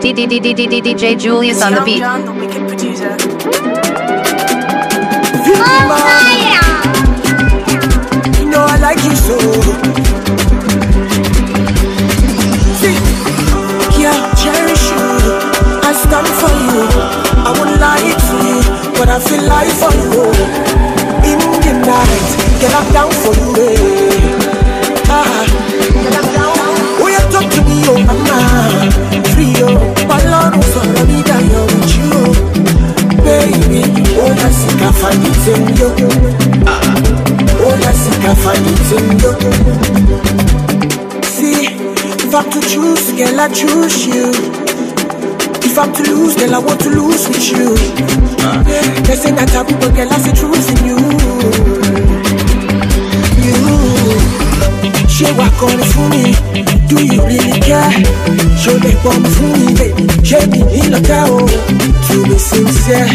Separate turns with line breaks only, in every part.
D D D D D D D J Julius on the beat. Oh, I like you so.
Yeah, cherish you. I stand for you. I won't lie to you, but I feel life for you. In the night, get up down for you. See, if I'm to choose, girl, I choose you. If I'm to lose, girl, I want to lose with you. They say that I will, but girl, I see truth in you. ṣé wà kọrin fún mi do you really care ṣó lè pọ̀ mi fún mi baby ṣé mi ìlọ́tà o to be sincere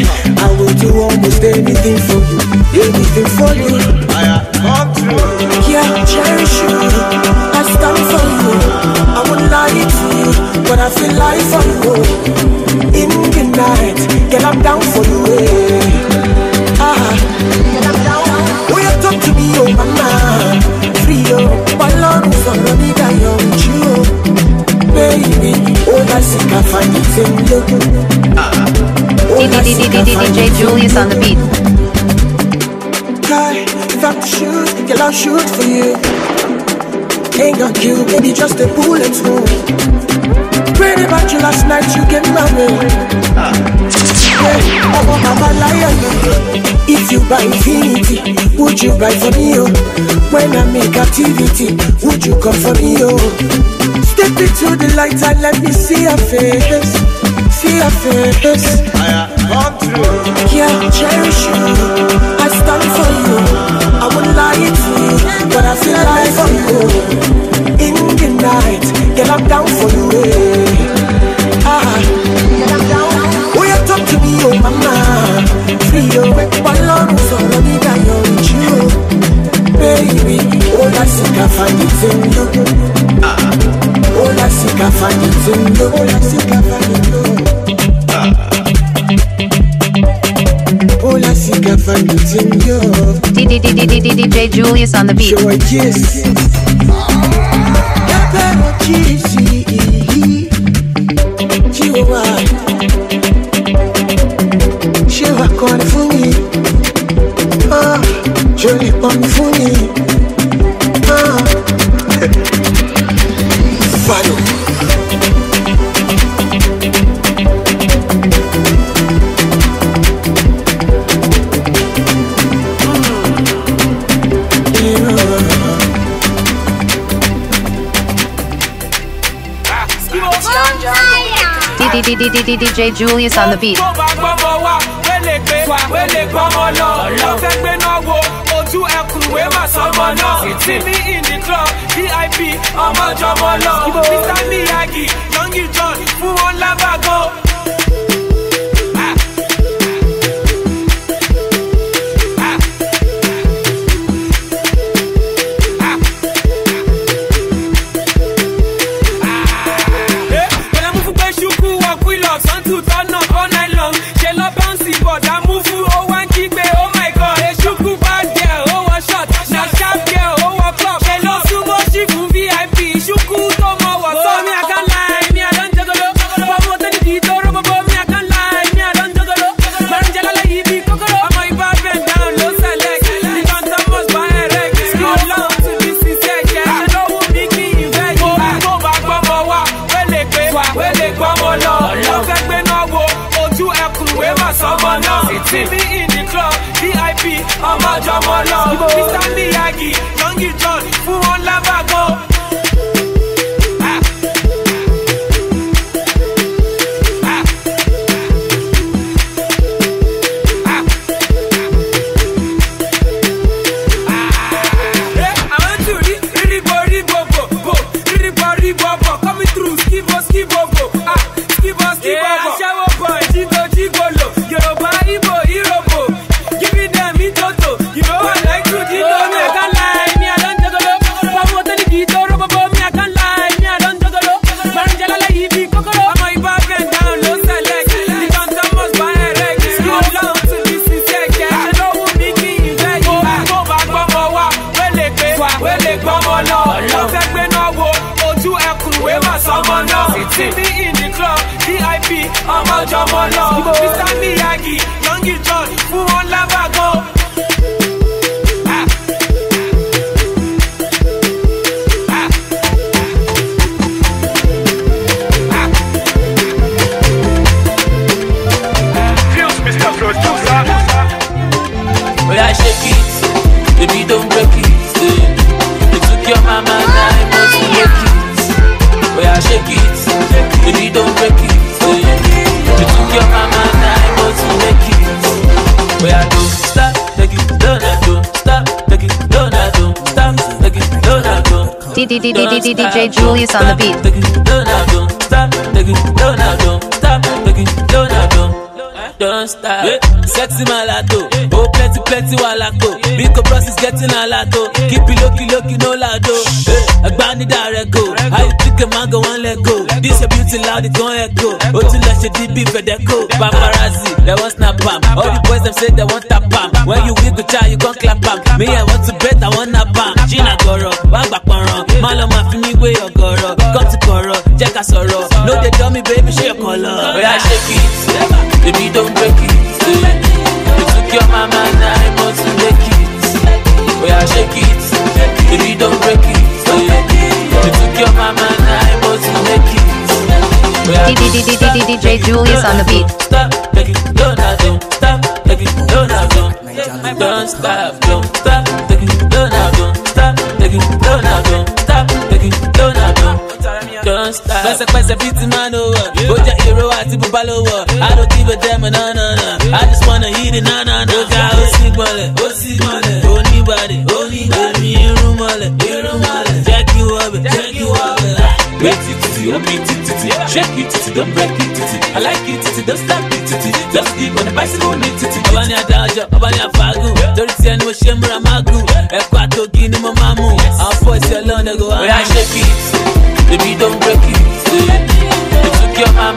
I will do almost anything for you anything for you. Yeah, cherish you. I stand for you. I would lie to you, but I feel like for you. In the night, girl, I'm down for you. Eh. Ah, will you talk to me, oh mama? Free, oh
ọlọ́run sọ̀rọ̀ nígbà yọ ojú o pé ó ká lógún. Julius on the beat. Guy, if I could shoot, girl, i shoot for you.
Ain't gonna kill, just a bullet wound. Prayed about you last night, you get married. Ah. Yeah, I want have a lion. If you buy infinity, would you buy for me? Oh? When i make activity, would you come for me? Oh? Step into the light and let me see your face. See your face. I am through. Yeah, I cherish you. I stand for you. I won't lie to you, but I feel like for you. In the night, get up down for you. eh? ojú mi ò màmá fi òwe ọlọ́run sọ̀rọ̀ nígbà yọ ojú o bẹ́ẹ̀ni ó lásìkò àfààní tí ń lógún ó lásìkò àfààní tí ń lógún ó lásìkò àfààní
tí ń lógún. DJ Julius on the beat. Show a kiss. That Lady DJ Julius on the beat.
don't break it. You took your mama and I must break it. Oh yeah, shake it. Baby, don't break it. You took your mama and I must break it. Oh don't stop, take it, don't I don't stop, take it, don't I don't stop, take it, don't
I don't. Julius on the beat.
Don't I don't stop, take it, don't I don't stop, take it, don't I don't. Don't stop, sexy malato. plenty plenty walako biko bros is getting alato kipi loki loki no lado agbani eh, direct go how you pick mango one let go this your beauty loud it gon echo o tún lọ ṣe db fedeco paparazzi they wan snap am all the boys dem say they wan tap am when you wiggle cha you gon clap am me i want to bet i wan nap am jina gọrọ wá gbà pọnran má lọ máa fi mí wé ọgọrọ kọ́ọ̀tù kọ̀rọ̀ jẹ́ ká sọ̀rọ̀ lóde dọ́mi baby ṣe kọ̀ lọ. bóyá ṣe kìí ṣe baby don break it. your mama and I want to make it. shake it. If you don't break it, You took your mama and I want to make it.
DJ Julius on the beat.
Stop, make it, don't don't stop, make it, don't don't. Don't stop, don't stop, don't don't stop, don't don't stop. Pẹ́sẹpẹ́sẹ bíi ti máa ló wọ̀. Ó jẹ́ àti bùbá ló wọ̀. Àrò tí bẹ̀ dẹ́ mi náà náà náà. I just wanna hit it na na na. Ọ̀gá ó sì gbọ́lẹ̀. Ó sì gbọ́lẹ̀. Oníbàdì. Oníbàdì. Èmi irun mọ́lẹ̀. Irun mọ́lẹ̀. Jẹ́ kí wọ́bẹ̀. Jẹ́ kí wọ́bẹ̀. Break it titi, don't beat it titi Shake it titi, don't break it titi I like it titi, don't stop it titi Just keep on the bicycle ní titi. Ọba ni adájọ́, ọba ni àfàgùn. Torí tí ẹni mo ṣe ń múra máa gùn. Ẹ̀kọ́ àtògì ni mo máa mú. Àwọn fọ́ọ̀sì ọlọ́run ẹ̀gọ́ wa. Oya ṣe bíi baby, don't break it. You took your mama.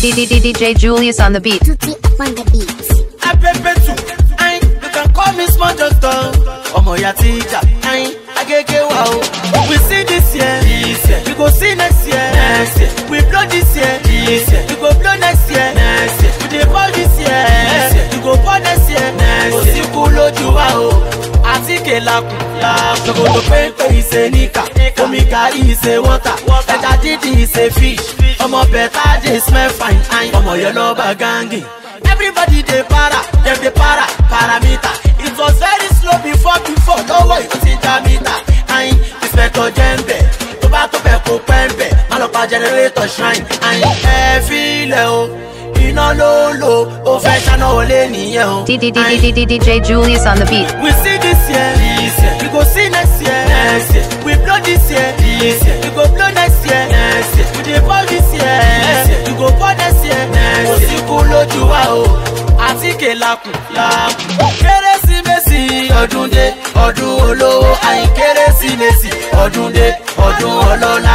DJ Julius on the beat. on the
beat. I pepe too. I you can call me small doctor. Omo ya teacher. I I get get wow. We see this year. This year. We go see next year. Next year. We blow this year. This year. We go blow next year. Next year. We dey ball this year. This year. ike lakun. Sokoto pépé ìṣe níkà, omi gàrí ìṣe wọ́tà, ẹja dídì ìṣe fish, ọmọ bẹ̀tà dey smell fine fine, ọmọ yẹn lọ bá gángì. Everybody dey para, dem dey para, parameter. It was very slow before before, lọ́wọ́ ìlú ti já mítà. Ayin ìfẹ̀tọ̀ jẹ́ ń bẹ̀, tó bá tó bẹ̀ kó pẹ́ ń bẹ̀, má lọ pa generator shrine. Ayin ẹ fi ilẹ̀ o iná ló ń lò ó fẹ́ ṣáná
wọlé nìyẹn o. DDDDDDJ Julius on the beat. We
see this year, this year, we go see next year, next year. We blow this year, this year, we go blow next year, next year. We dey pour this year, next year, we go pour next year, next year. Kò sí kú lójú wa o, àtíkè lakùn lakùn. Kérésìmesì ọdún dé, ọdún olówó, àyìn kérésìmesì ọdún ọdún ọlọ́lá.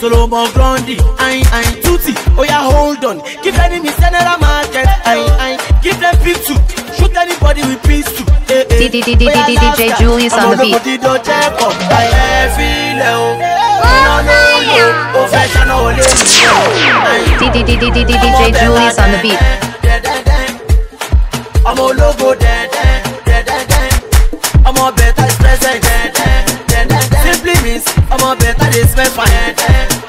Solomon Grundy, aye, aye, Tutti, oh yeah, hold on. Give any general market, aye, aye. Give them beat to, shoot anybody
with peace to. Eh, eh. DJ oh, Julius on the beat. DJ Julius on the beat.
I'm all logo, I'm all better, present, prince ọmọ bẹta dey spend fine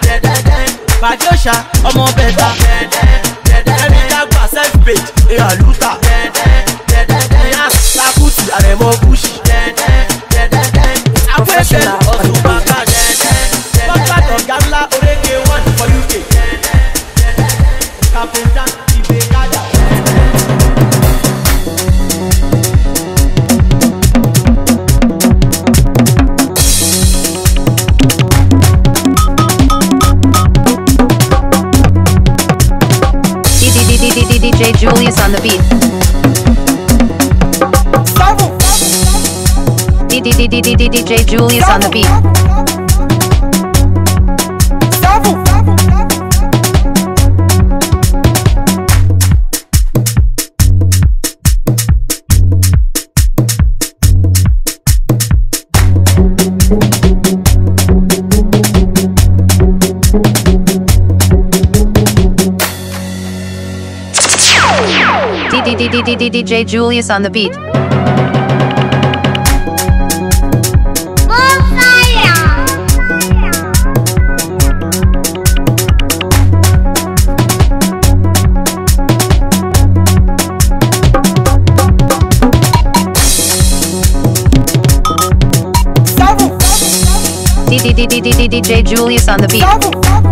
dẹdẹdẹdẹ pàdé òṣà ọmọ bẹta dẹdẹdẹdẹ ẹni dàgbà self page ìyá lùtà dẹdẹdẹdẹ yàn takuti àrẹ̀mọ kùsì dẹdẹdẹdẹ afẹ́fẹ́.
DJ Julius on the beat. DJ Julius on the beat. D D D D J Julius on the beat. D D D D D D J Julius on the beat.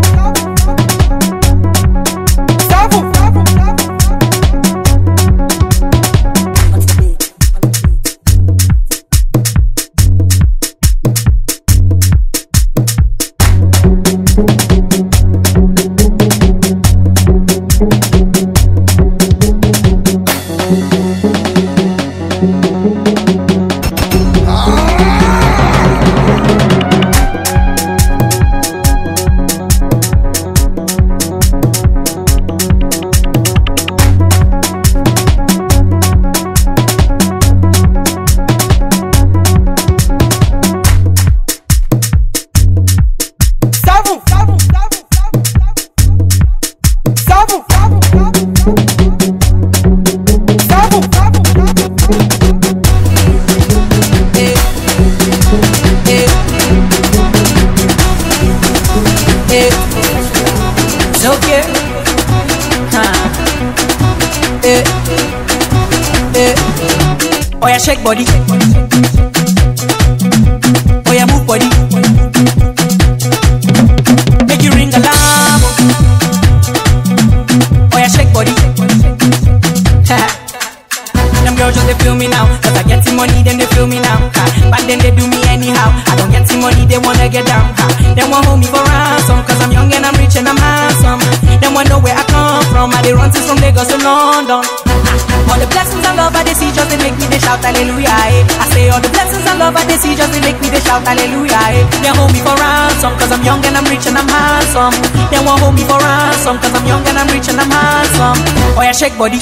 body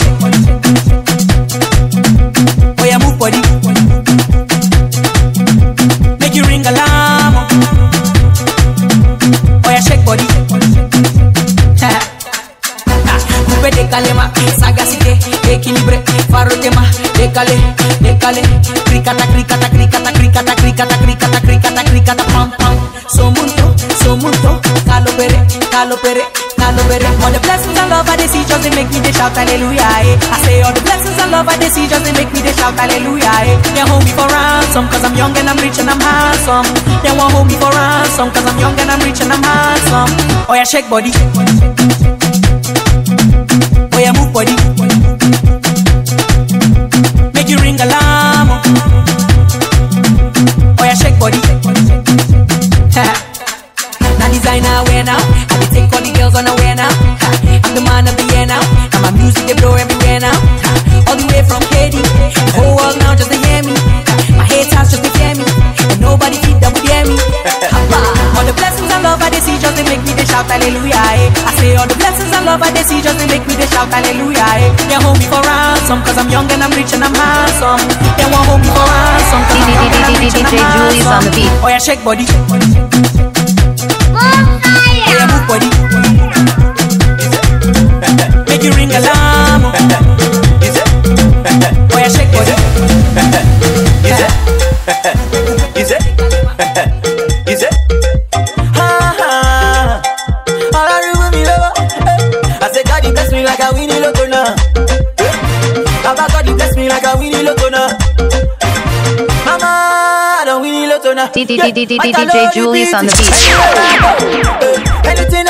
ransom. They want hold me for ransom, cause I'm young and I'm rich and I'm handsome. Oh yeah, shake body. Oh yeah, move body. Make you ring alarm. Oh yeah, shake body. now designer wear now. I be take all the girls on a wear now. shout hallelujah. Eh. hold me for ransom cause I'm young and I'm rich and I'm handsome. They won't hold me for ransom cause I'm young and I'm rich and I'm handsome. on the beat. Oh yeah, shake body. Bonfire. Oh yeah, move body. Make you ring alarm. Oh.
DJ
Julius on the
beat.
Anything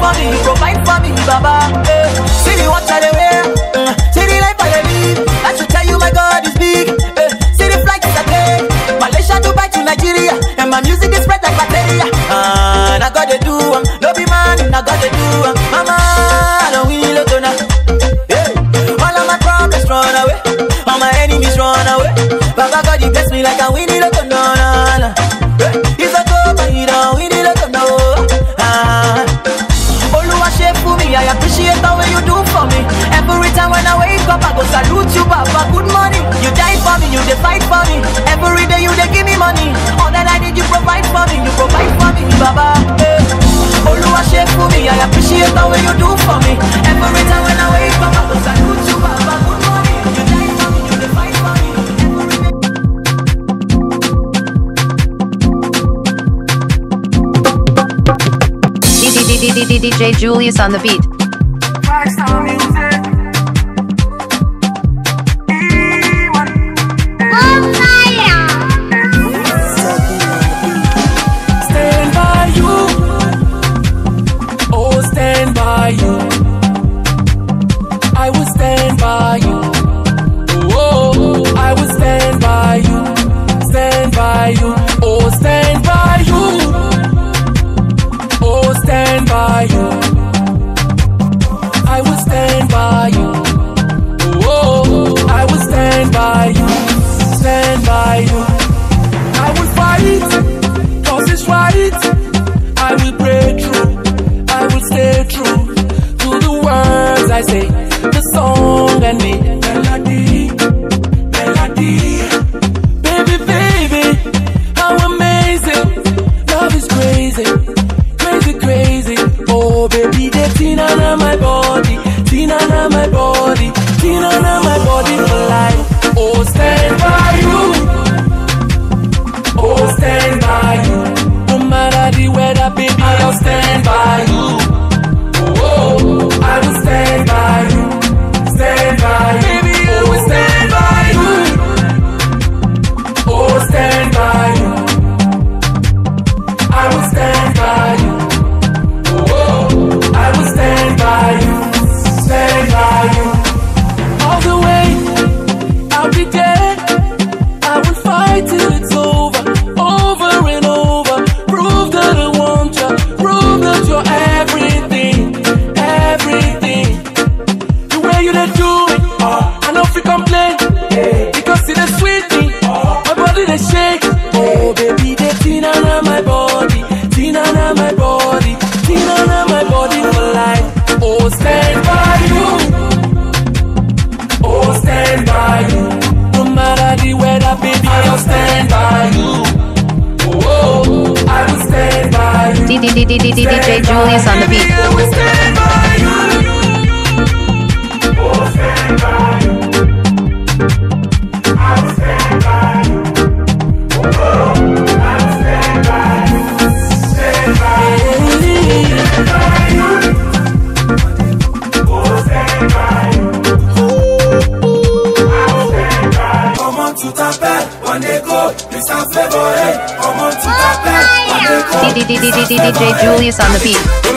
for me, provide for me, Baba. Hey, see me what I do.
I appreciate the way you do for me. Every time when I wake up, I salute you, Baba. Good morning. You die for
me, you fight for me. DJ Julius on the beat. DJ Julius on the beat.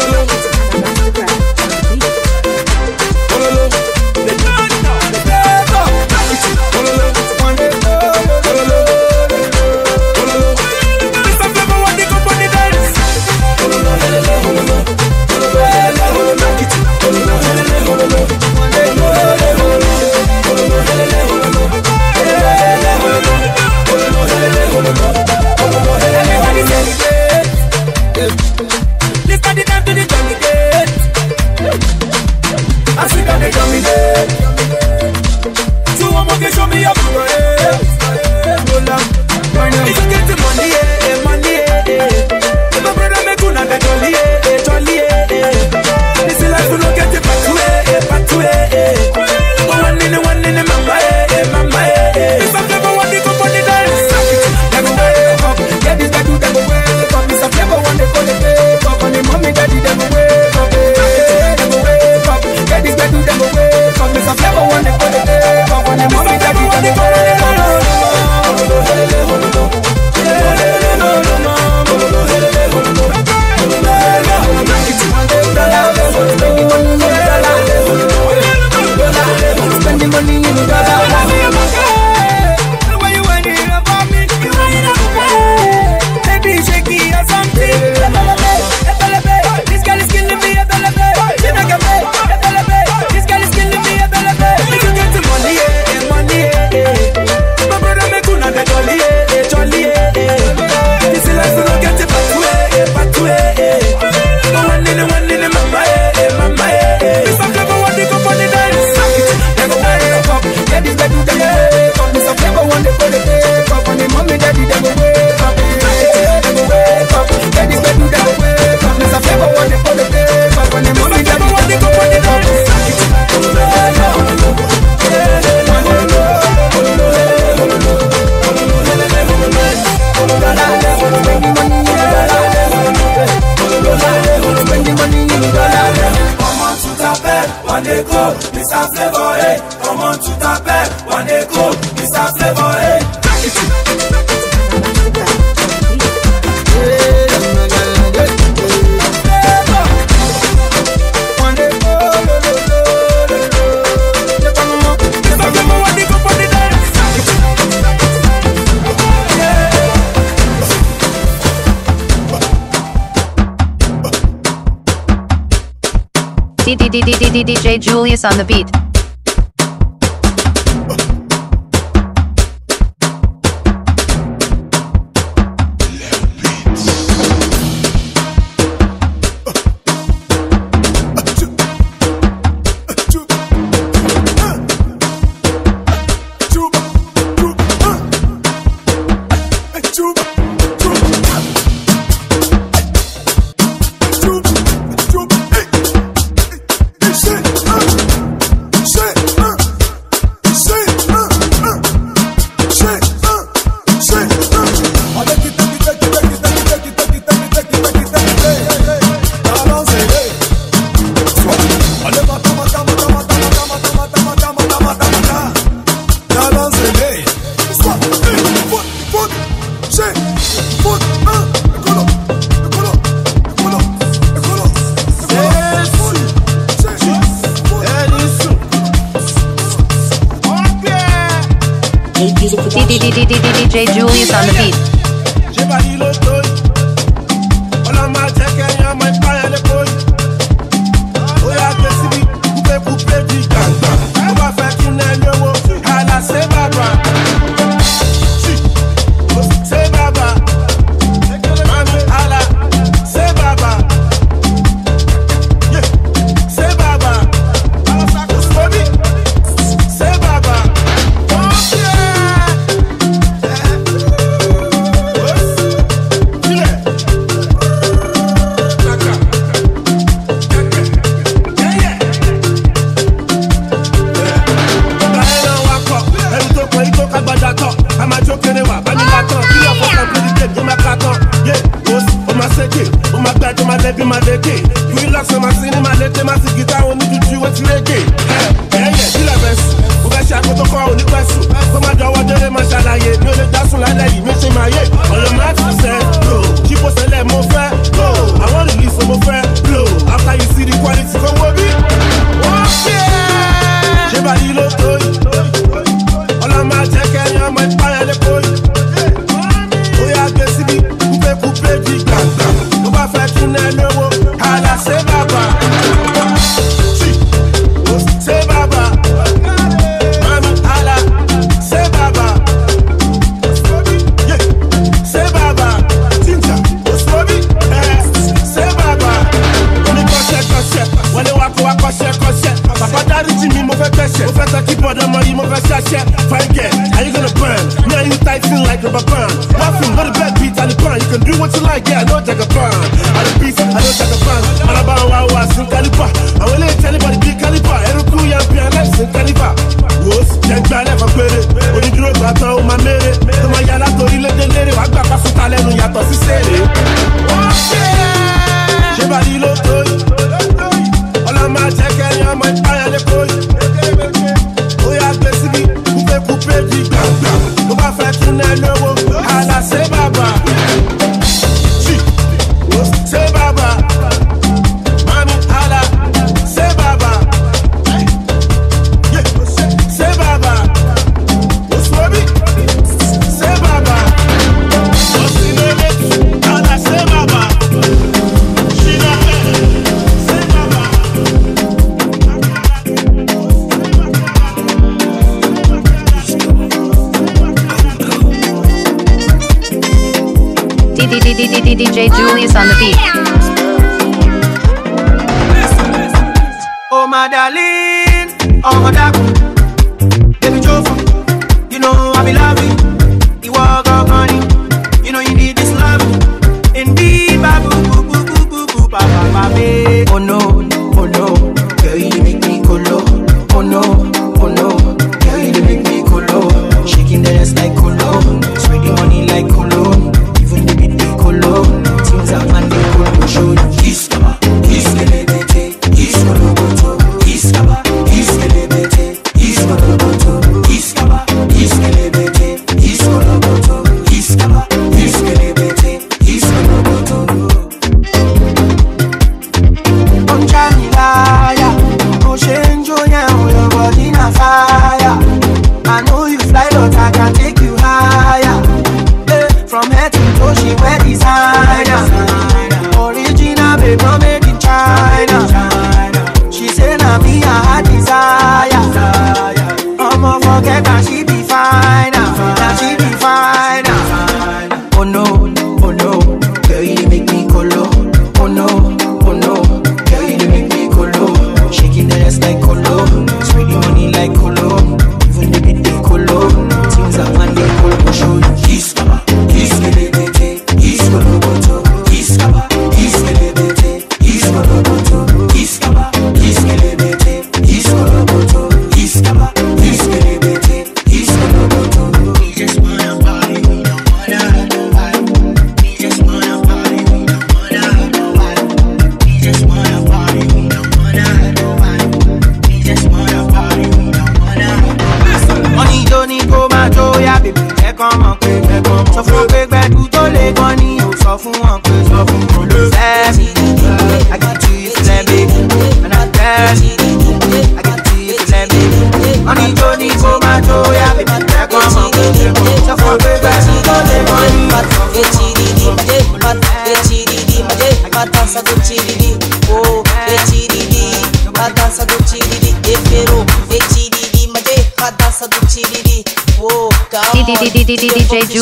DJ Julius on the beat.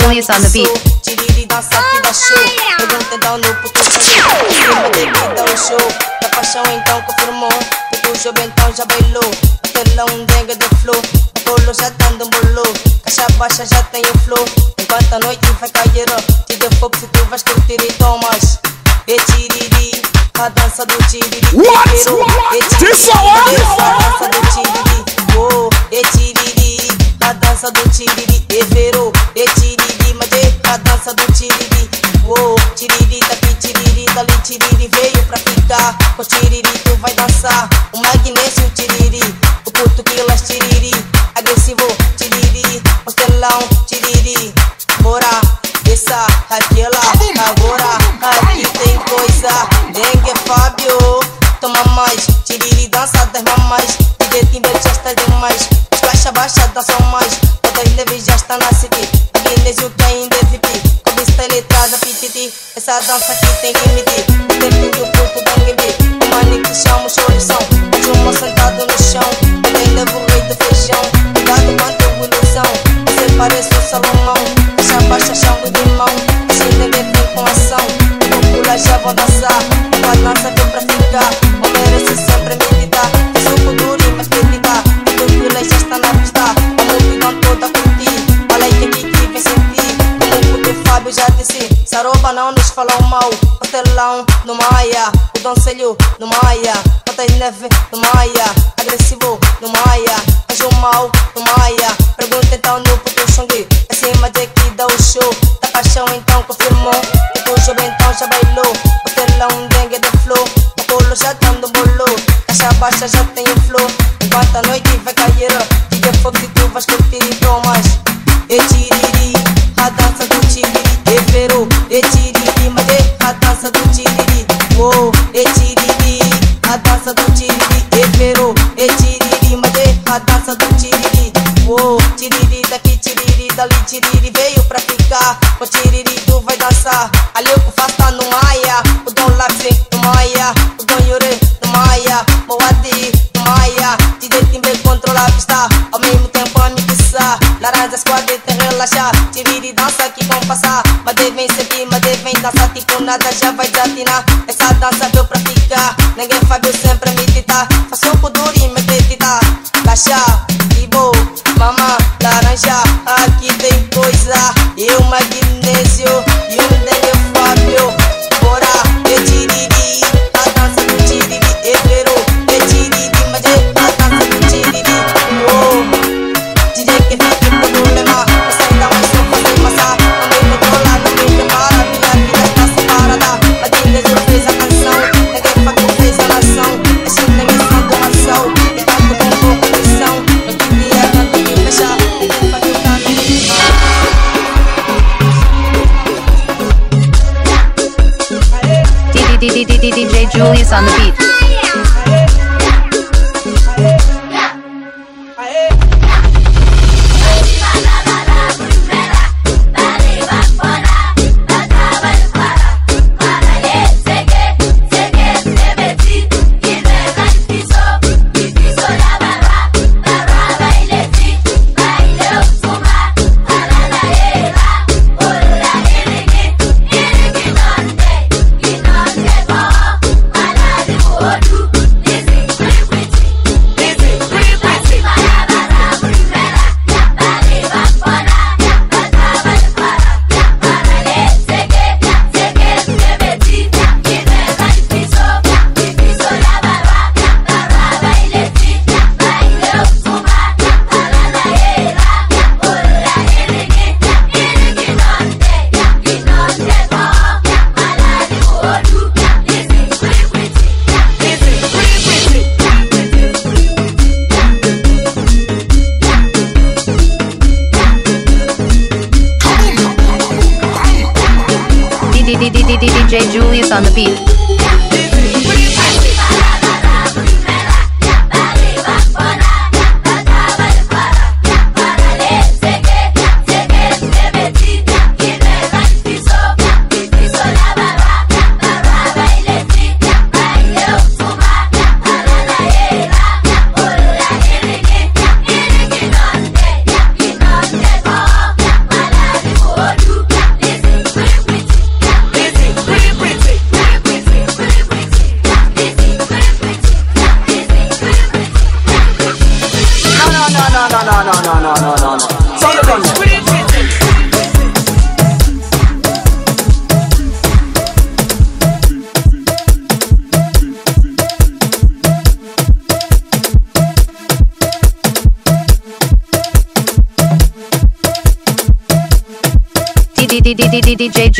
Julius on the beat. conselho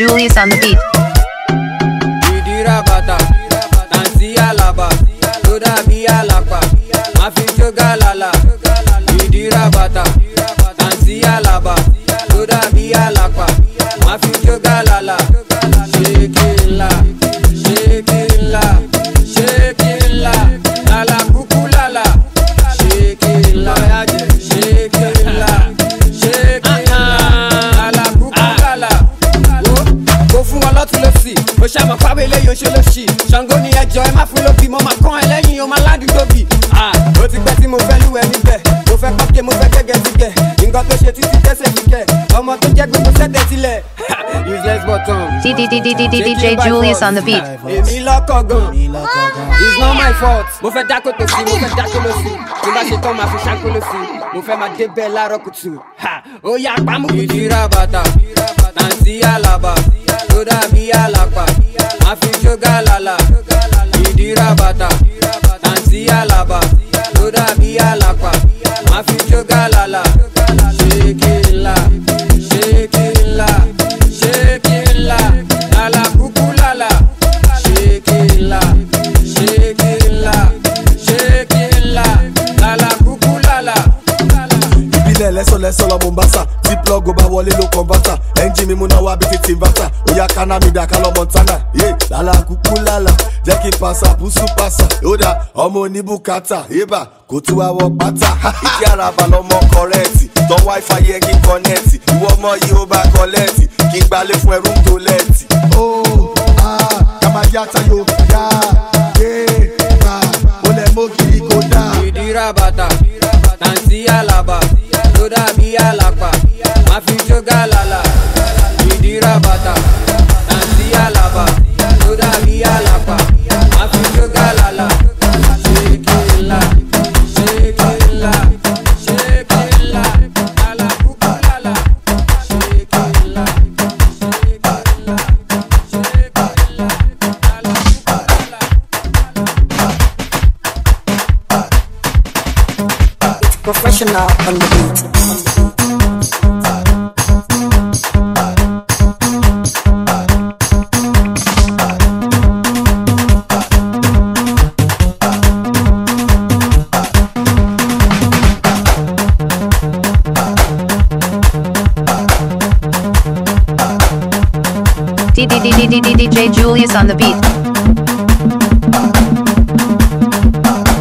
Julius on the beat. Julius on the beat.
It's not my fault. Mo fẹ́ dákó tó sí, mo fẹ́ dákó lọ sí. Mo bá ṣe tán, màá fi ṣáko lọ sí. Mo fẹ́ máa débẹ̀ láàárọ̀ kùtù. Ó yá pamọ́. Ìdíra bàtà, nàìjíríà làbà, tó dàbí àlàpà.
wá bí títí bàtà òyà kaná mi dà kálọ̀ mọ̀tánà yé lálá kúkú lálá jẹ́ kí n pàṣà pùsù pàṣà ó dà ọmọ oníbùkátà yébà kò tún wá wọ pátá ìkí àràbà lọmọ kọrẹ́ẹ̀tì tọ́ wáífà yẹ kí n kọ́nẹ́ẹ̀tì ìwọ ọmọ yìí ó bá kọ́lẹ́ẹ̀tì kí
n gbalẹ̀ fún ẹrú tó lẹ́ẹ̀tì. ó oh, a ah, kàmáyàtà yóò yá yé ká ó lẹ mọ kiri kó dà. ìdíra bàtà nàǹtí àlàbà tó dàbí àlàpà máa fi jó gàlàlà. Tira bata, alaba, toda via afi galala, shake it shake shake ala shake shake
shake ala It's professional on the beat.
DJ Julius on the beat.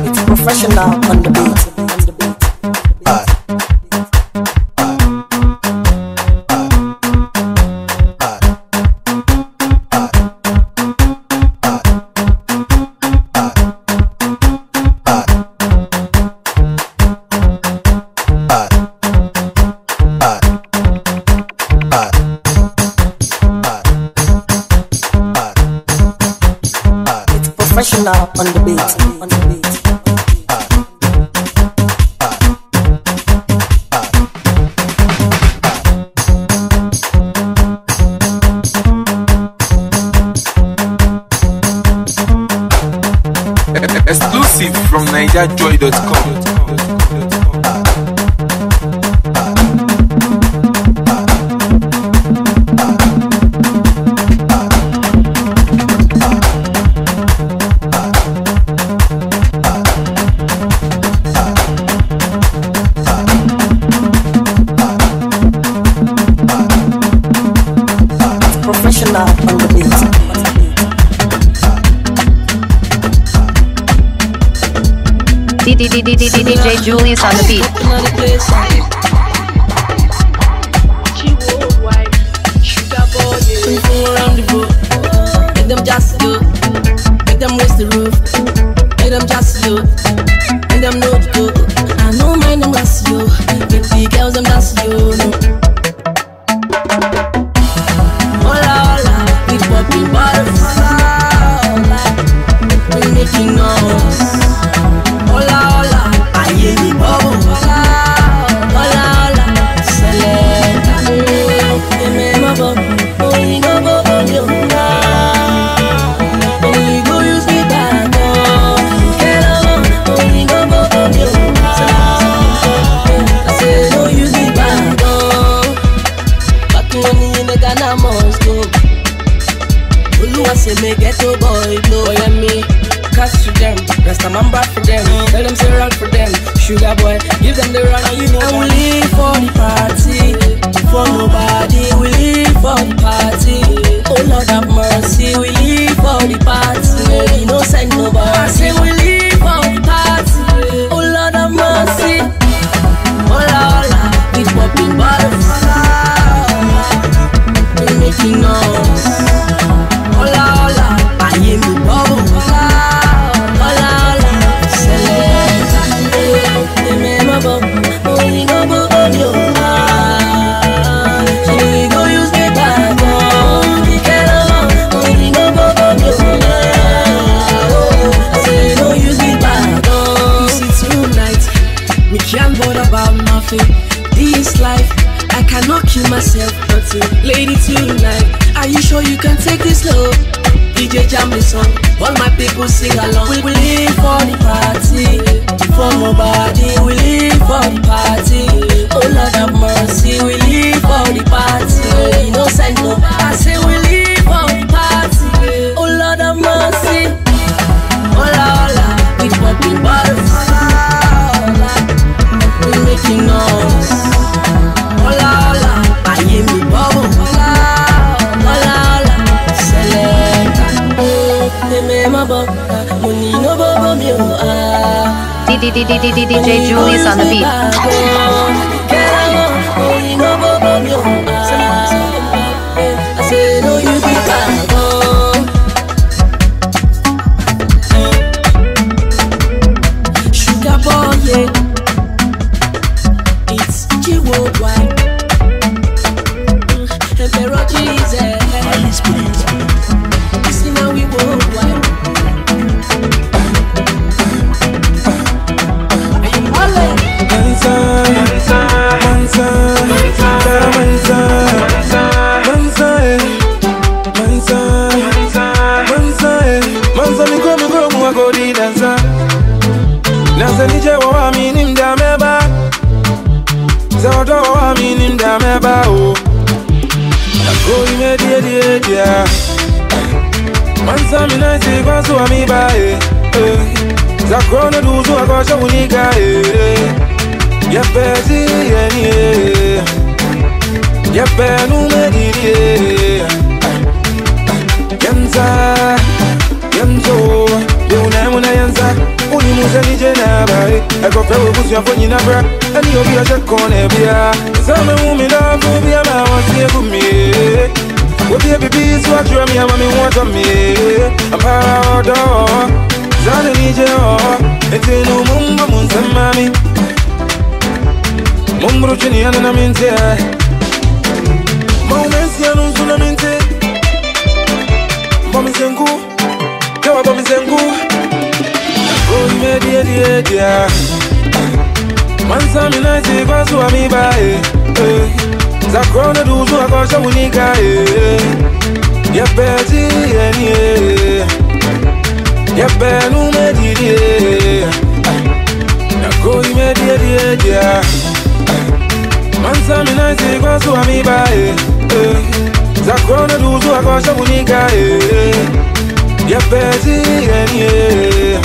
It's professional on the beat. DJ Julius on the beat.
them just make them the roof, make them just Come on back for them, tell them say rock for them. Sugar boy, give them the run and you know. And we live for the party,
for nobody. We live for the party. Oh Lord have mercy, we live for the party. You know send nobody. say we to this life. I
cannot kill myself, but to lady tonight. Are you sure you can take this love? DJ jam the song, all my people sing along. We, we live for the party,
for nobody. We live for the party, oh Lord have mercy. We live for the party, innocent no. I say we live for the party, oh Lord have mercy. Hola, hola, we popping bottles.
making noise. Hola, hola, ayé mi bọ́bọ̀. Hola, hola, hola, selecta.
Tèmè má bọ̀, mo ní iná bọ́bọ̀ mi DJ Julius on the beat.
bra Ani obila shakone bia Zame mumi dafu bia ma wasie kumi Wabia bibi suwa jua miya mami mwata mi Ampara odo Zane nije o Etenu mumba munsamami Mumbru chini yana na minte Maumesi ya nunsu na minte Bomi zengu Kewa bomi zengu Oh, you made it, yeah, yeah. Mansa mina se basu wa mi ba eh eh Zakrona akosha unika eh Ya peti eni eh Ya penu medidi eh koi medidi eh ya Mansa mina se basu wa mi ba eh eh Zakrona akosha unika eh Ya peti eni eh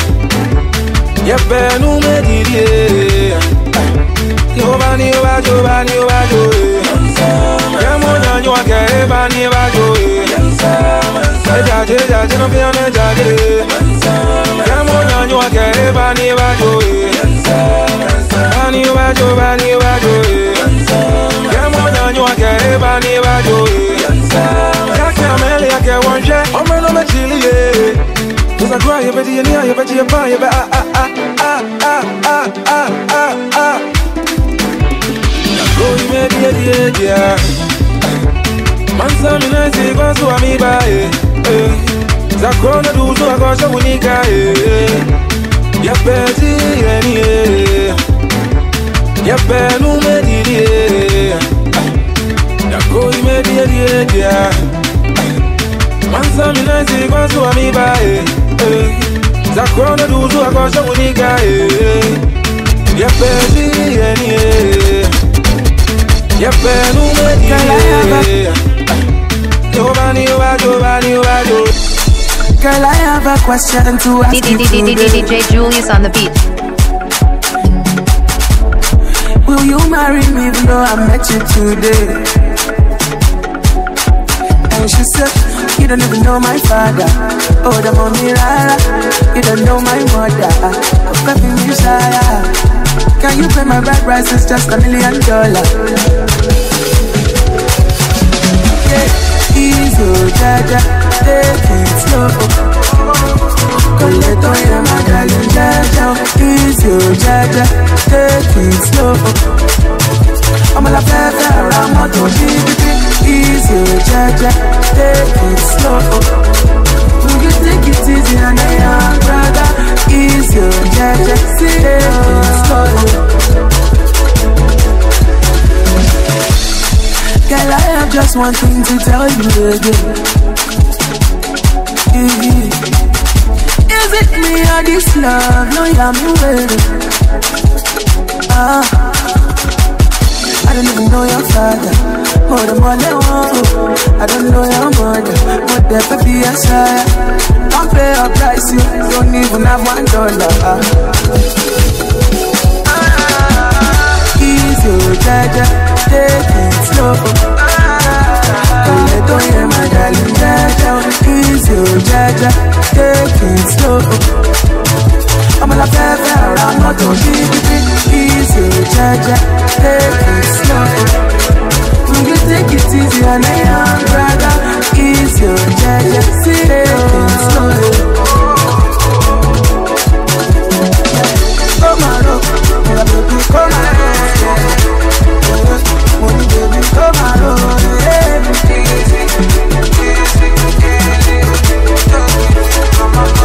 Ya penu medidi eh Giovanni wa Giovanni wa Joe Kemo nyanyo wa ke Ebani wa Joe Eja jeja jeno pia ne jage Kemo nyanyo wa ke Ebani wa Joe Bani wa Joe Bani wa Joe Kemo nyanyo wa ke Ebani wa Joe Yake amele yake wanje Ome no mechili ye Tusa kwa yebe diye niya yebe diye ba yebe ah ah ah ah ah ah ah ah die die die die Mansa minezi kwa duzu akosha kunika eh, eh, Ya pezi yeni eh. Ya pelu medili eh. Ya koi medie die die Mansa minezi kwa duzu akosha kunika eh, eh. Ya eh. Girl, I
have a question to ask you DJ Julius on the beat
Will you marry me even though I met you today? And she said, you don't even know my father Oh, the mommy, Lara You don't know my mother I've got can you pay my red rice? It's just a million dollars. Yeah, easy, oh, Jaja, take it slow. Collect on your my darling, Jaja, easy, oh, Jaja, take it slow. I'm a la fefe, I'm a to Easy, oh, Jaja, take it slow. Will you take it easy, and I am brother? easier. Yeah, yeah, see it. Girl, I have just one thing to tell you again. Is it me or this love? No, you're me waiting. Ah don't even know your father. Oh, the one. I don't know your mother. But there could be a sire. Don't pay a price, you don't even have one dollar. Ah. Easy, Jaja, take it slow. Ah. Let go, my darling, Jaja. Easy, Jaja, take it slow ọmọláfẹ́fẹ́ ra mọ́tò dídí easy jẹ́jẹ́ take it slow. Ngi take it easy and brother easy take it slow. Kọ́mọ̀rò, ẹ̀rọ bèbí kọ́mọ̀rò. Easy, easy, easy, easy, easy, easy, easy, easy,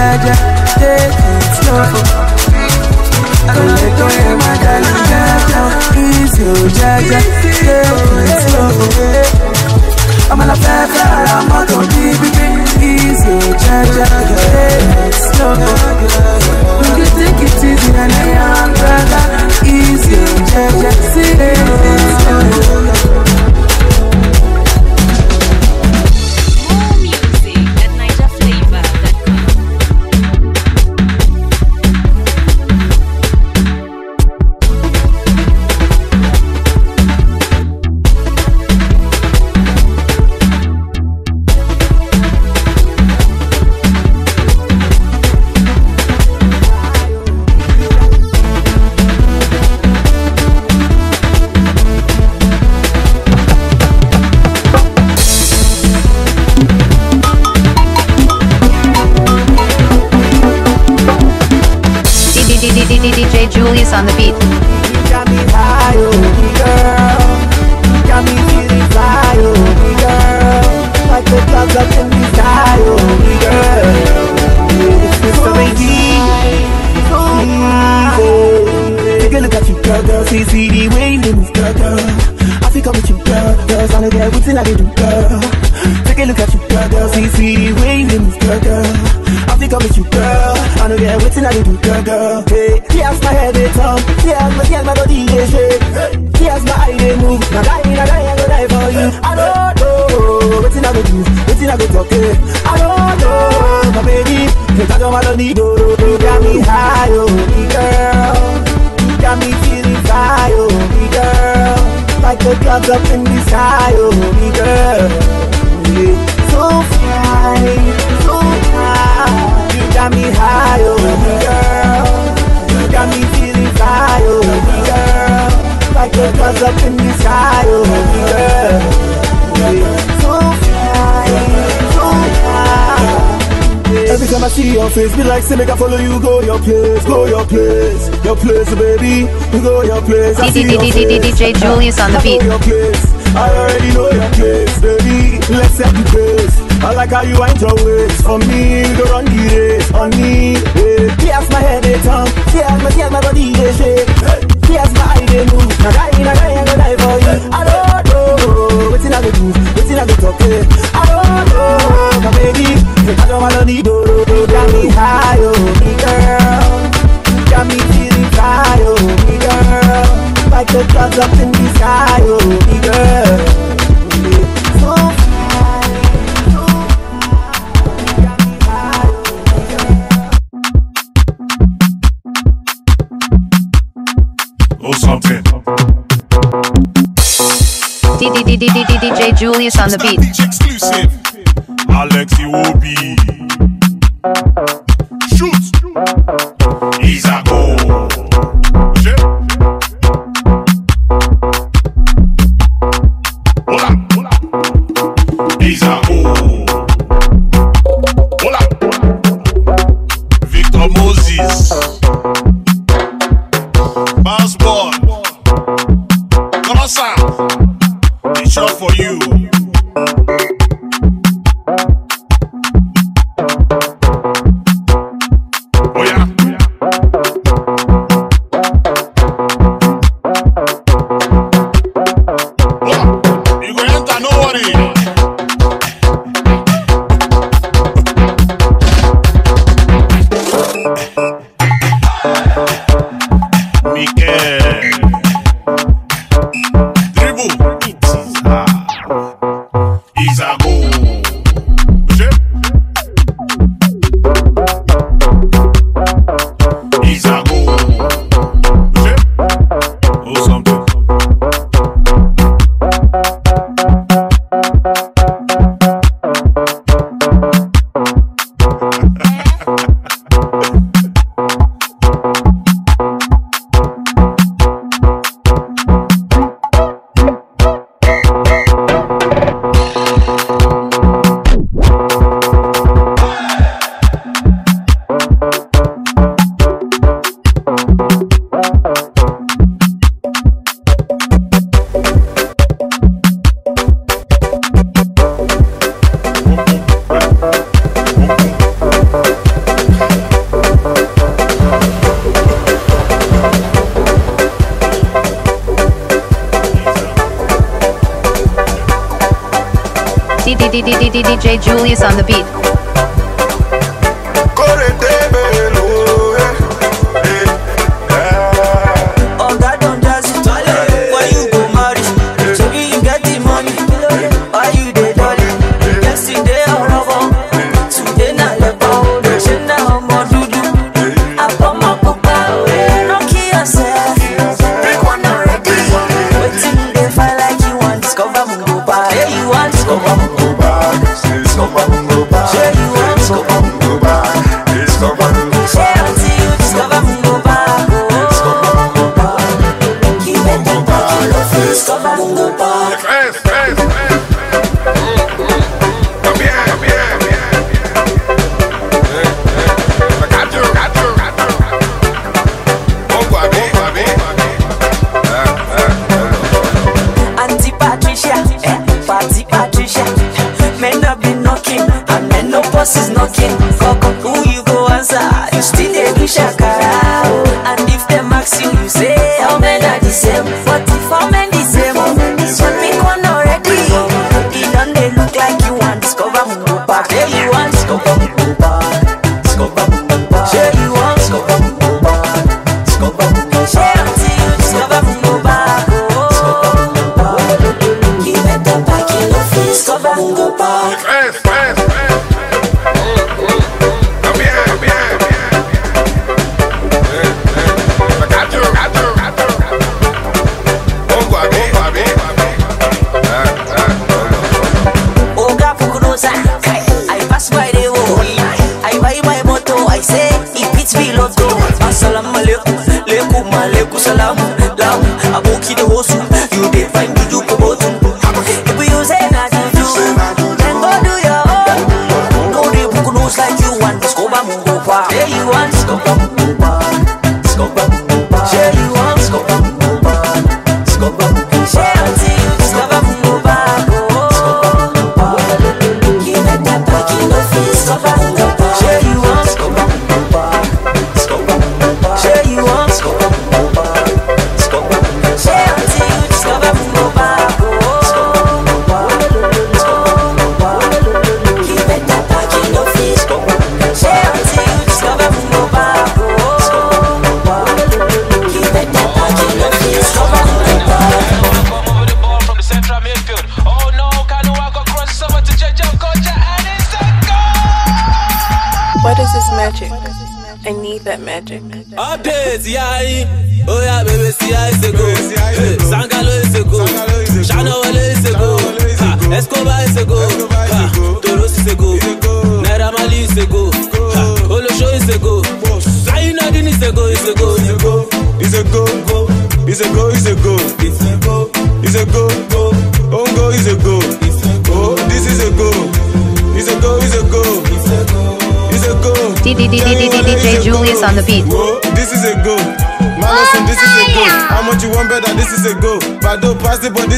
Jaja, take it slow. Don't let go of my darling Jaja, easy, oh Jaja, take it slow. I'm on a fire, I'm on a baby, easy, oh Jaja.
your face be like, say, I follow you, go your place, go your place, your place, baby, you go your place. I see your face. DJ Julius
on the beat. Your place.
I already
know your place, baby. Let's set the pace. I like how you wind your waist me. Go run the race on me. Yeah. my head,
eh, they my, my body, they eh, shake. my eye, they move. I for you. I don't know. talk. Eh. I don't know, my baby. I don't wanna need oh, oh, me high, oh, me girl. Got me feeling high, oh, me girl. Like the clouds up in the sky, oh, me girl.
something.
DJ Julius on the beat. Exclusive.
Alex be.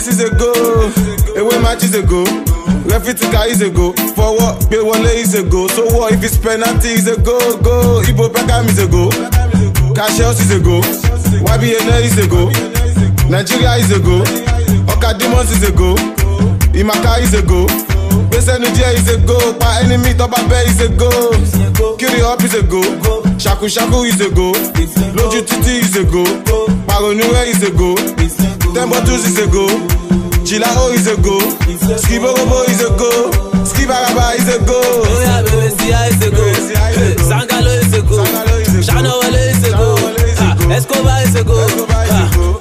this is a go ewé match is a go referee ti ka is a go fọwọ́ gbé wọlé is a go so what if it's penalty is a go go ibo beckham is a go cashews is a go ybn is a go nigeria is a go ọkà demons is a go imaka is a go gbèsè nu is a go pa enemy tọ́ba bẹ́ is a go kiri up is a go shaku shaku is a go lójú títí is a go paronuwe is a go tembotus is a go jilao is a go skiborobo is a go skibaraba is a go. oya bebe is a go sangalo is a go sanowale is
a go escobar is a go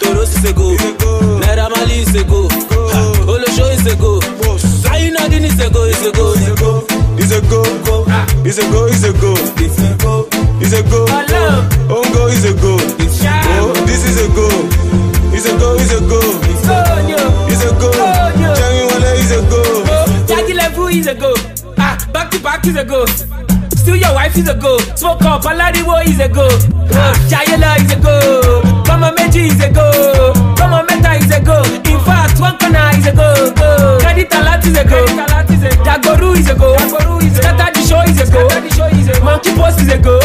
toros is a go naira marley is
a go olosho is a go sayinadin is a go is a go. go, go. It's a go, it's a go. It's a go, it's a go. On go, it's a go. Oh, this is a go. It's a go, it's a go. It's a go. Jamie Wale is a go. Jackie Levu is a go. Ah,
back to back is a go. Still your wife is a go. Smoke up, Alariwo is a go. Shayela is a go. Bama Meji is a go. Bama Meta is a go. In fact, one is a go. go. Kadi Talat is a go. Dagoru is a go. Tata show is a go. Monkey Post is a go.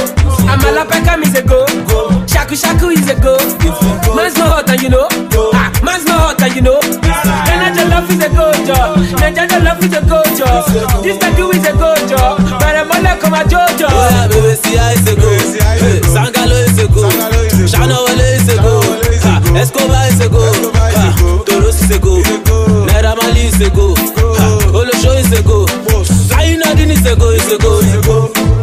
Amala Pekam is a go. Shaku Shaku is a go. Man's no hotter, you know. Ah, man's no hotter, you know a good Naija no love is a good This tattoo is a good job. Baramola come a jojo. Oya bebe si a is a good. Sangalo is a good. Shano Wale is a good. Escobar is a good. Toros is
a good. Naira Mali is a good. Olosho is a good. Sayinadin is a good. Is a good.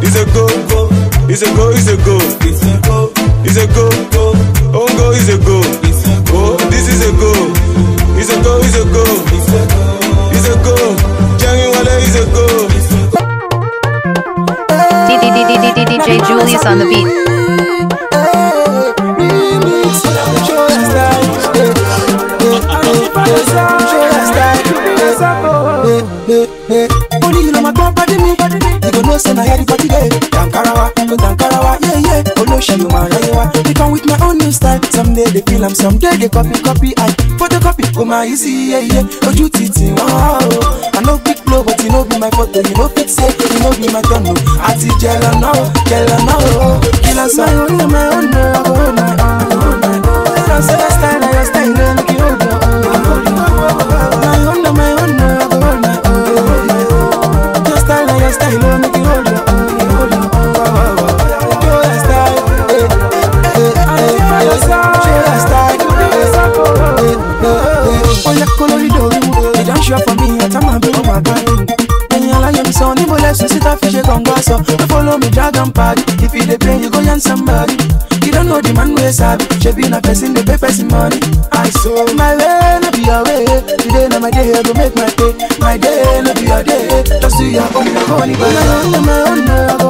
Is a good. Is a go, is a go, is a go, is a go, is a go, oh, this is a go, is a go, is a go. Sogo.
DJ Julius on the beat.
Only you know my company, you don't know say today. yeah. olóṣèlú máa ráyé wá he come with my own new style someday they feel am someday they copy copy i photocopy kò máa yí yeah. iyeye ojú títì wọn o i know big blow but e no be my photo you no fit say e no be my turn o oh. àti jẹlọ náà jẹlọ náà o kí lọ sọ. my own my own my own my own my own. ṣé lọ sọ your style na your style na you hold
on. Oh.
somebody. If you dey pain, you go yarn somebody. You don't know the man wey sabi. Shebi na person dey pay person money. I saw my way, no be your way. Today na my day, I go make my day. My day, no be your day. Just do your own, your own,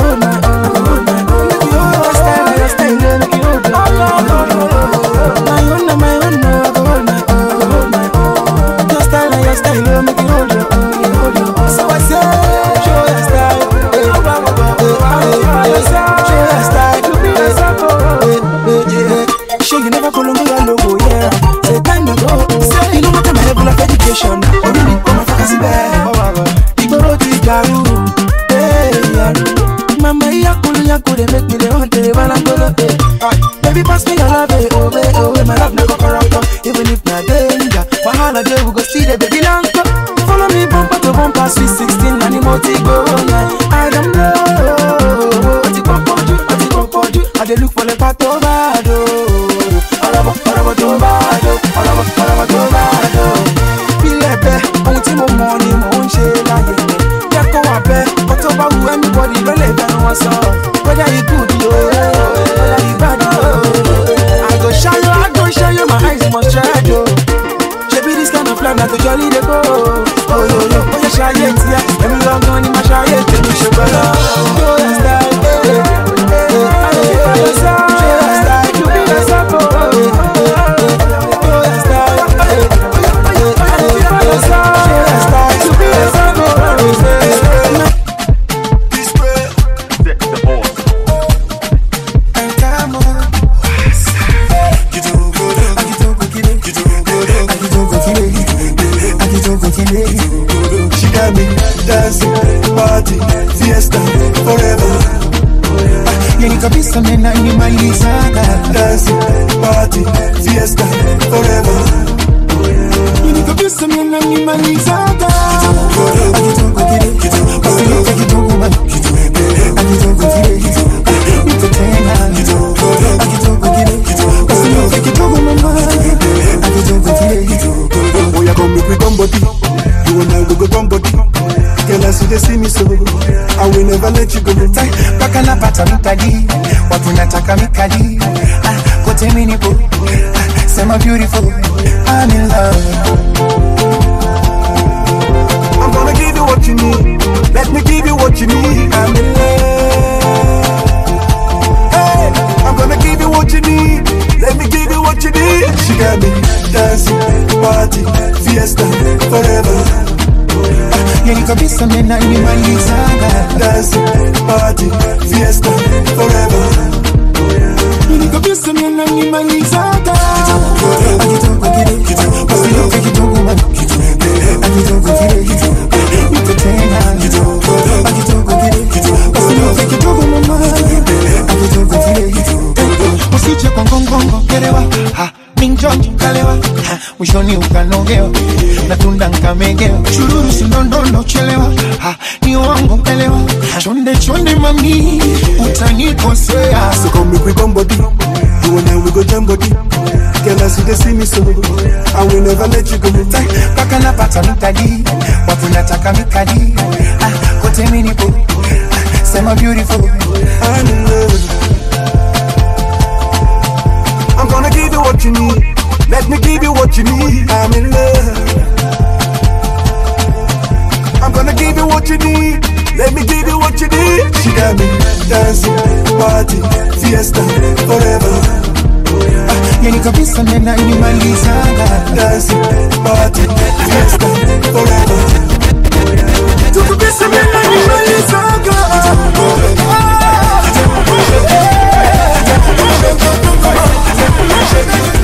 nikadi watu nataka mikadi ah, kote minipo ah, sema beautiful I'm in love I'm gonna give you what you need. Let me give you what you need. I'm in love. Hey, I'm gonna give you what you need. Let me give you what you need. She got me dancing, party, fiesta, forever. Yani kabisa mena imemalizaga Dance, party, fiesta, forever Yani kabisa mena imemalizaga Akitoka kile, usiloke kidogo man Akitoka kile, nipe tena Akitoka kile, usiloke kidogo mama Akitoka kile, usiche kongongongo kerewa Ha choki ukalewa, mwishoni ukanogewa, natunda nkamegewa, chururu sinondono chelewa, ni wangu elewa, chonde chonde mami, utanikosea. So come make we gumbo di, you and we go jambo di. Girl, as you see me so, I will never let you go. Paka na pata mikadi, wapu nataka mikadi, ah, kote minipo, ah, sema beautiful, i love. I'm gonna give you what you need. Let me give you what you need. I'm in love. I'm gonna give you what you need. Let me give you what you need. She got me dancing, party, fiesta, forever. Yani kabisa nena inimalizanga Dancing, party, fiesta, forever Tukubisa nena
inimalizanga ah, ah, ah, ah, ah, ah, ah, ah,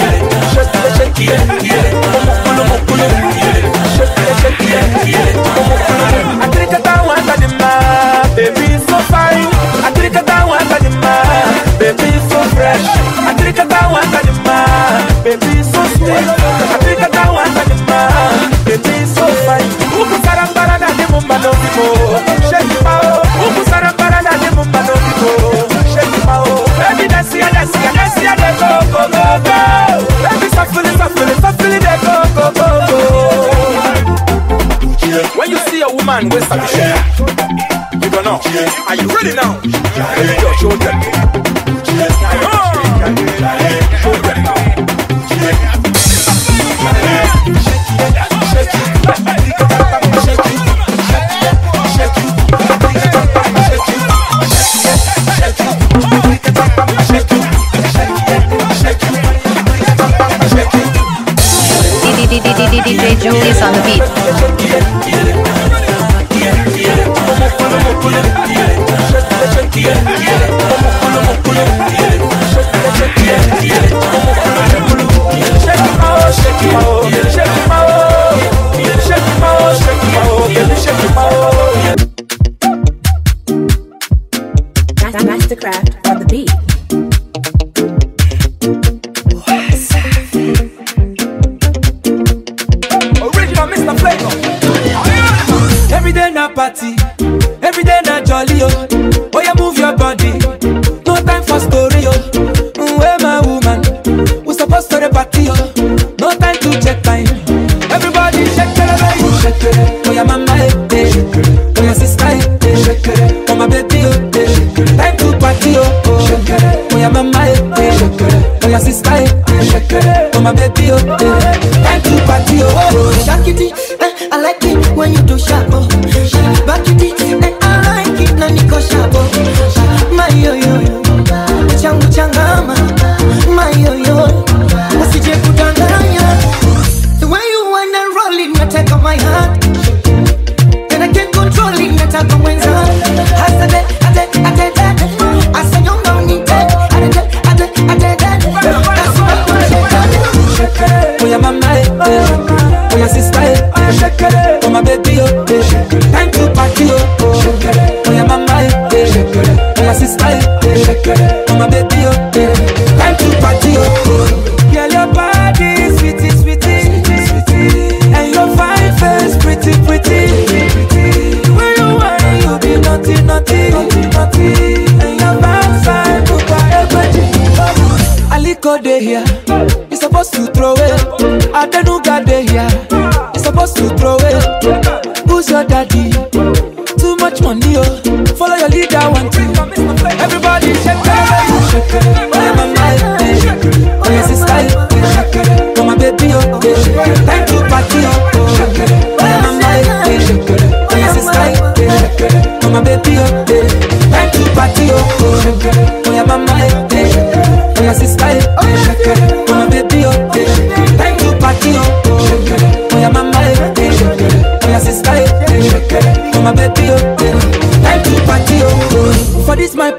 man, waste a share. You don't know. Are you ready now?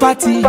party.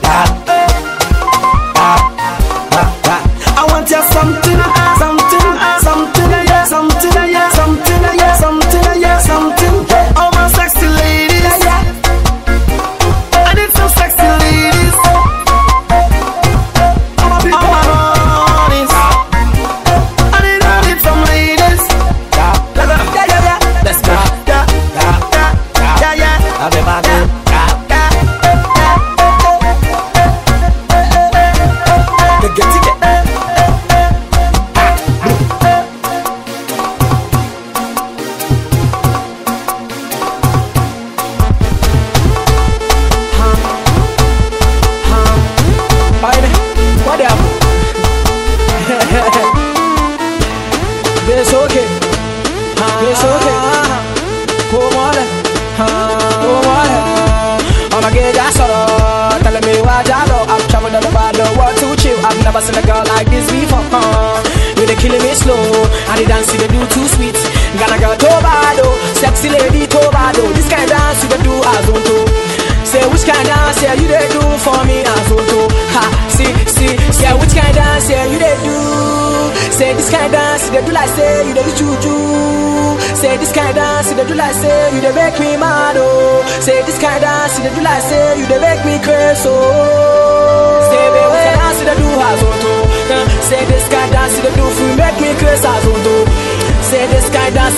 Pop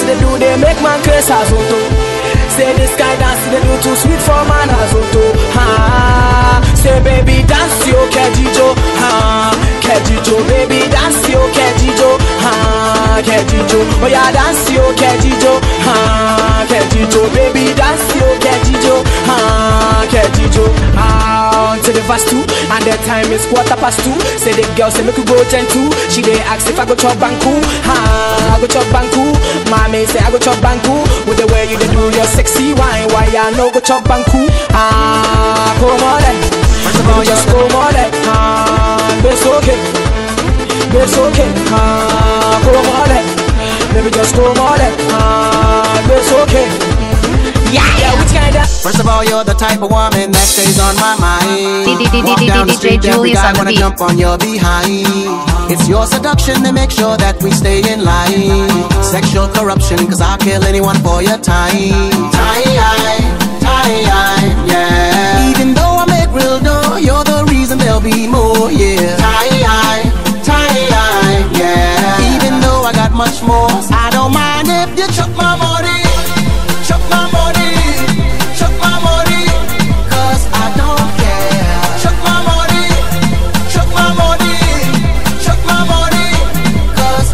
they do, they make man curse as unto. Say this guy dance they do too sweet for man as unto. Ha. Ah, say baby dance yo kejijo. Ha. Ah, kejijo baby dance yo kejijo. Ha. Ah oh kẹjíjó bóyá dáńsì ó kẹjíjó kẹjíjó bébí dáńsì ó kẹjíjó ah until ah, ah, the verse two and the time is quarter past two say the girl say make we go gentle she dey ask if i go chop banku ah, i go chop banku Mommy say i go chop banku with the way you dey do your sexy wine why i no go chop banku on, mọ́lẹ̀ kò mọ́lẹ̀ bẹ́sọ̀kẹ́ besoke ah, eh. komole Let me just komole eh. besoke ah, yeah, yeah, which kind of First of all, you're the type of woman that stays on my mind. Walk down the street, every guy wanna jump on your behind. It's your seduction that makes sure that we stay in line. Sexual corruption, cause I'll kill anyone for your time. Time, time, yeah. Even though I make real dough, you're the reason there'll be more, yeah. much more. I don't mind if you chuck my money, chuck my money, chuck my money, I don't care. Chuck my money, chuck my money, chuck my money,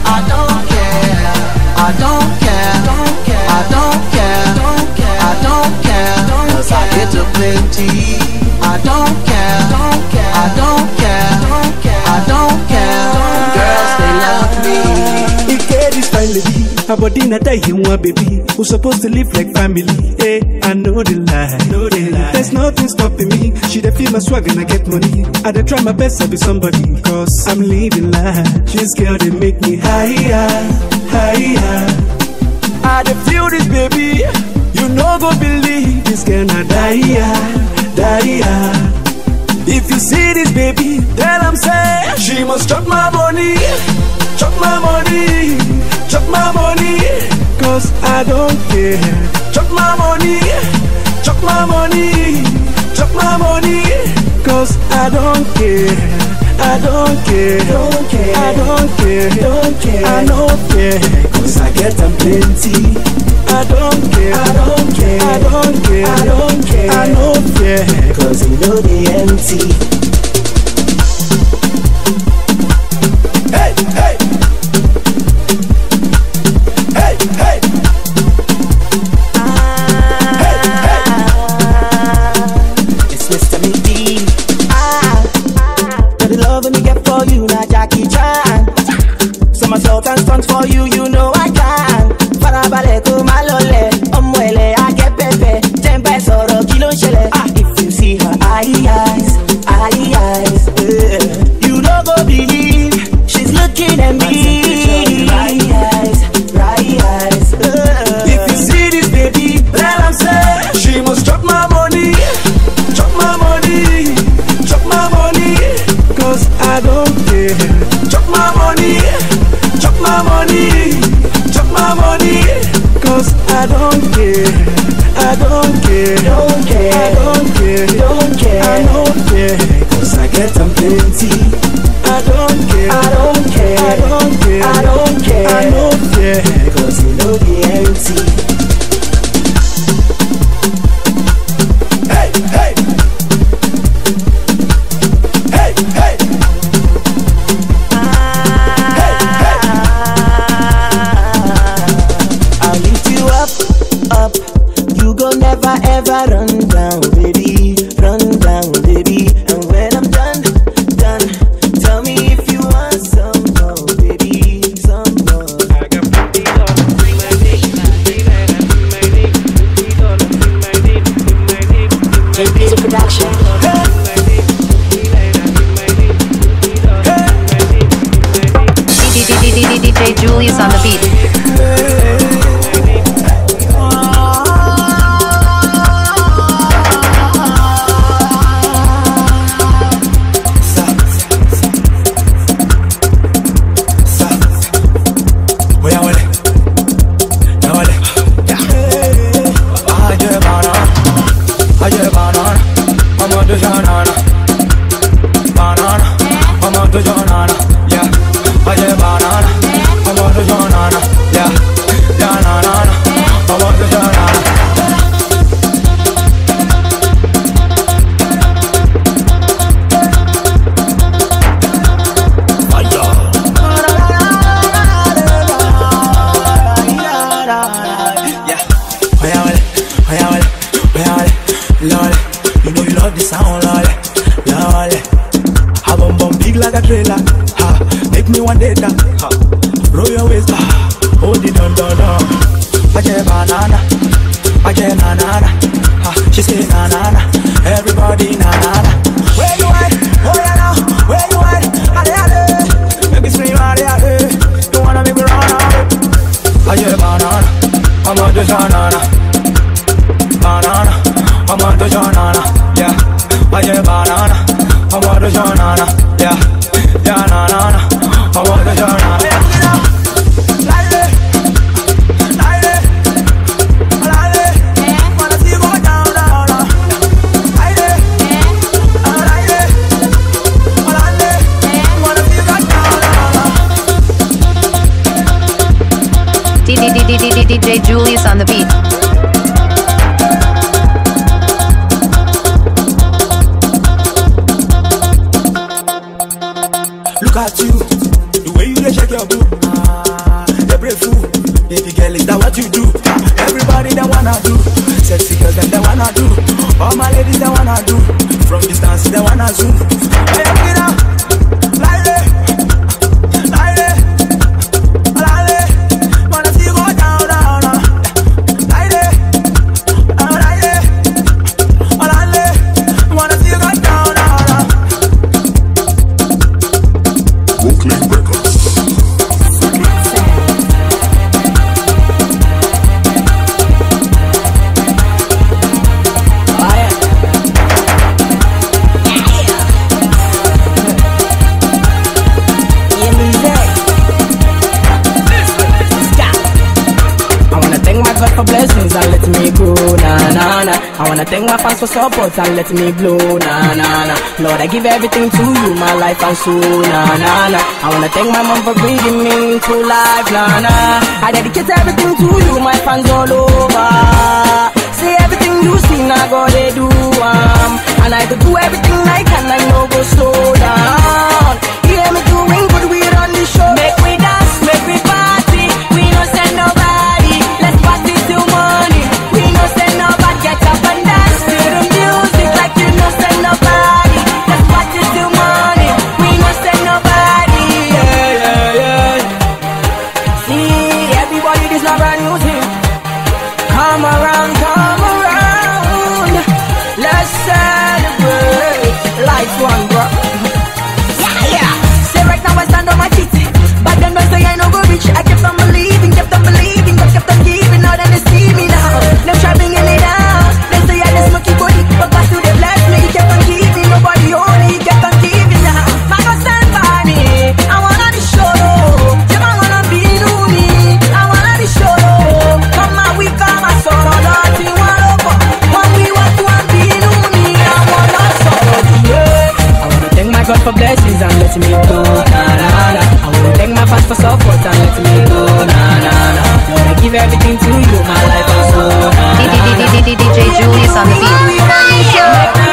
I don't care. I don't care, don't care, I don't care, I don't I get plenty.
Aberdeen, I tell a one baby, who's supposed to live like family. Hey, eh, I know the lie, know the lie. There's nothing stopping me. She the feel my swag and I get money. I dey try my best to be somebody, cause I'm living life. This girl they make me higher,
higher. I dey feel this baby, you no go believe this girl na die, die. If you see this baby, then I'm She must chop my money Chop my money Chop my money Cause I don't care Chop my money Chop my money Chop my money Cause I don't care I don't care, don't care. I don't care, don't care. I don't care. Cause I get them plenty. I don't care, I don't care, I
don't care, I don't care, I don't care. Cause you know they empty.
parang
thanks for support and let me blow, na na na. Lord, I give everything to you, my life and soul, na na na. I wanna thank my mom for bringing me to life, na na. I dedicate everything to you, my fans all over. Say everything you see, now God they do um, And I go do everything I can, I no go slow down God for blessings and let me go, na na na. I wanna thank my for support and let me go,
na na na. wanna give everything to you, my life and soul. DJ Julius on the beat.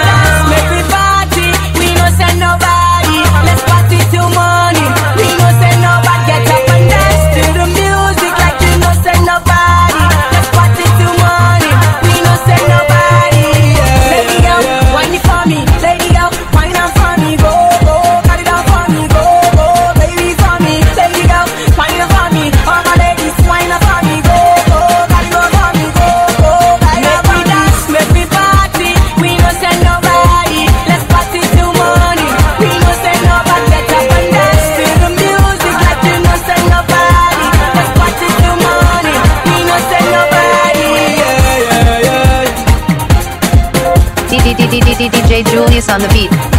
DJ Julius on the beat.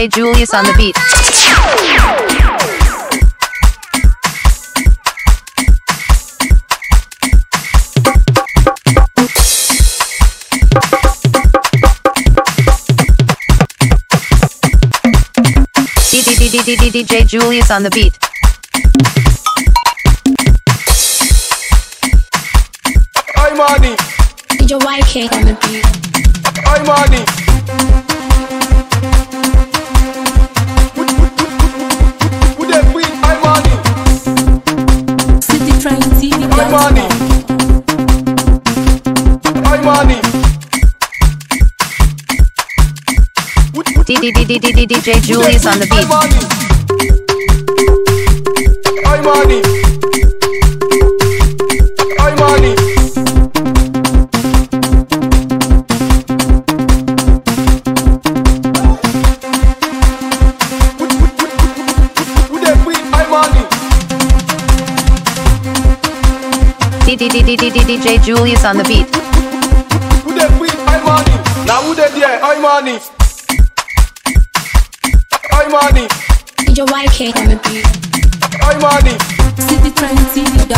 DJ Julius on the beat. DJ Julius on the beat.
Hi am DJ YK on the beat. Hi am
D D D D D D J Julius on the beat.
I'm on it. I'm on it.
DJ Julius on the beat. Now who the
there? I'm on money. am YK on the beat. I money. City 20.